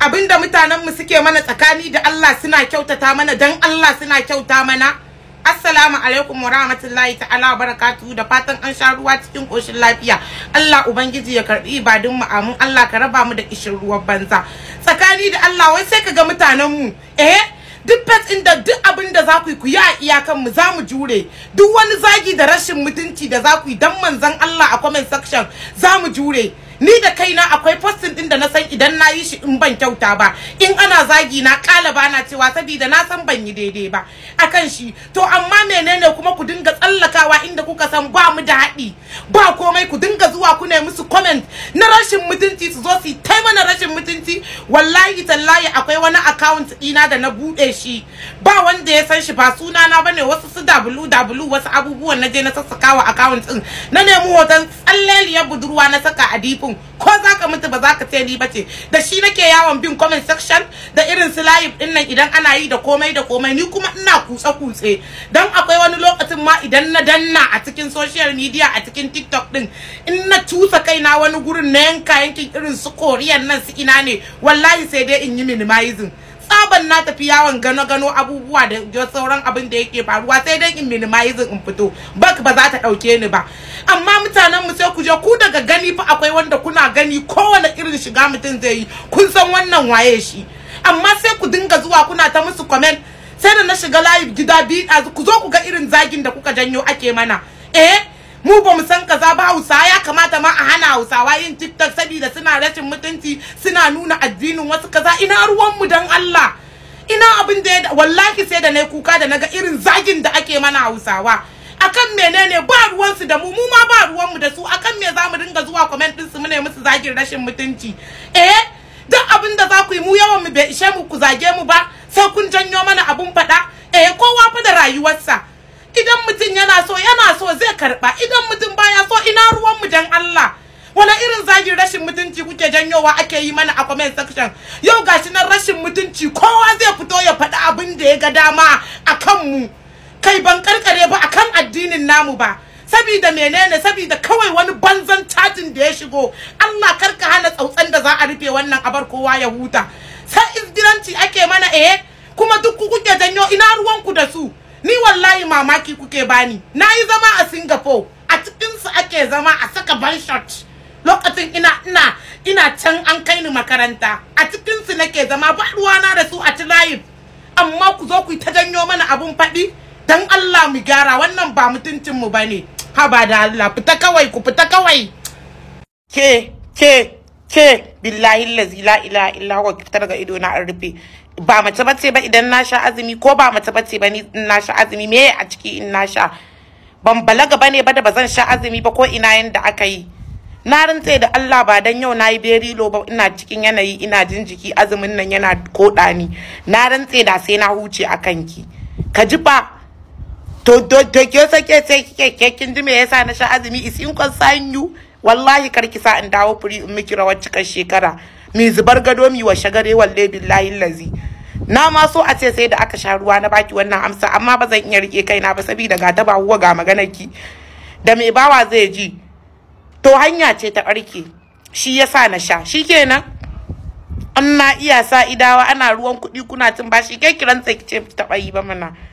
abinda mutanen mu suke mana tsakani da Allah suna kyautata mana dan Allah suna kyauta mana Assalamu alaikum wa rahmatullahi ta'ala wa barakatuhu da fatan an sha ruwa cikin koshin lafiya. Allah Ubangiji ya karbi ibadun mu amin Allah ka raba mu da kishin ruwan banza. Tsakani da Allah wai sai ka ga mutanen mu eh duk fat inda duk abin da za ku yi ku yi a iyakan mu za mu jure duk wani zagi da rashin mutunci da za ku yi dan manzon Allah a comment section za mu jure ni da kaina akwai posting din na san idan na yi shi in ban kyauta ba in ana zagi na kala bana cewa saboda na san ban yi daidai ba akan shi to amma menene kuma ku dinga tsallakawa inda kuka san ba mu da haɗi ba komai ku dinga zuwa ku ne musu comment na rashin mutunci su zo su yi. wallahi tallahi akwai wani account dina da na bude shi ba wanda ya san shi ba suna na bane wasu su ww wasu abubuwan na je na sassaka wa account din na nemi hoton tsalleliyar budurwa na saka a dipin ko zaka mutu ba zaka ce ni bace da shi nake yawon bin comment section da irin su live din nan idan ana yi da komai da komai ni kuma ina kutse kutse dan akwai wani lokacin ma idan na danna a cikin social media a cikin TikTok din in na tusa kaina wani gurin na yanka yankin irin su koriyan nan su ina ne wallahi sai dai in yi minimizing tsaban na tafi yawon gano-gano abubuwa da sauran abin da yake faruwa sai dai in minimizing in fito bak ba za ta ɗauke ni ba amma mutanen mu sai ku je ku daga gani fa akwai wanda kuna gani kowane irin shiga mutum zai yi kun san wannan waye shi amma sai ku dinga zuwa kuna ta musu comment sai da na shiga live gida biyu ku zo ku ga irin zagin da kuka janyo ake mana eh mu ba mu san kaza ba hausa ya kamata ma a hana hausawa yin tiktok saboda suna rashin mutunci suna nuna addinin wasu kaza ina ruwan mu dan Allah ina abin da ya wallahi sai da na kuka da naga irin zagin da ake mana hausawa akan menene ba ruwan su da mu mu ma ba ruwanmu da su akan me za mu dinga zuwa comment su mu ne musu zagin rashin mutunci eh duk abin da za ku yi mu yawan mu bai ishe mu ku zage mu ba sai kun janyo mana abun faɗa eh kowa fa da rayuwarsa idan mutum yana so ya so zai karba idan mutum baya so ina ruwan mu dan Allah wani irin zagin rashin mutunci kuke janyowa ake yi mana a comment section yau gashi nan rashin mutunci kowa zai fito ya faɗi abin da ya ga dama a mu kai ban karkare ba akan addinin namu ba sabida menene sabida kawai wani banzan cajin da ya shigo Allah karka hana tsautsan da za a rufe wannan abar kowa ya huta sai izdiranci ake mana eh kuma duk kuke janyo ina ruwan ku da su ni wallahi mamaki kuke bani na yi zama a singapore a cikinsu ake zama a saka ban shot lokacin ina ina ina can an kai ni makaranta a cikinsu nake zama ba ruwana da su a ci live amma ku zo ku ta janyo mana abun faɗi dan Allah mu gyara wannan ba mutuncin mu bane haba da Allah fita kawai ku fita kawai ke ke ke billahi lazi la ila illa huwa ki ga ido na an rufe ba mace bace ba idan na sha azumi ko ba mace bace ba ni na sha azumi me a ciki in na sha ban balaga bane ba da bazan sha azumi ba ko ina yanda aka yi na rantse da Allah ba dan yau nayi berilo ba ina cikin yanayi ina jin jiki azumin nan yana koda ni na rantse da sai na huce akan ki ka ji ba to to ke sake sai kike kin ji me yasa na sha azumi is in consign you wallahi kar ki sa in dawo firi in miki rawar cikar shekara mi zubar gado mi wa shagare walle billahi lazi na ma so a ce sai da aka sha ruwa na baki wannan amsa amma ba zan iya rike kaina ba saboda ga ta bawo ga maganar ki da mai bawa zai ji to hanya ce ta barke. shi yasa na sha Shi an na iya sa idawa ana ruwan kuɗi kuna cin bashi kai kiran sai ki ce ta yi ba mana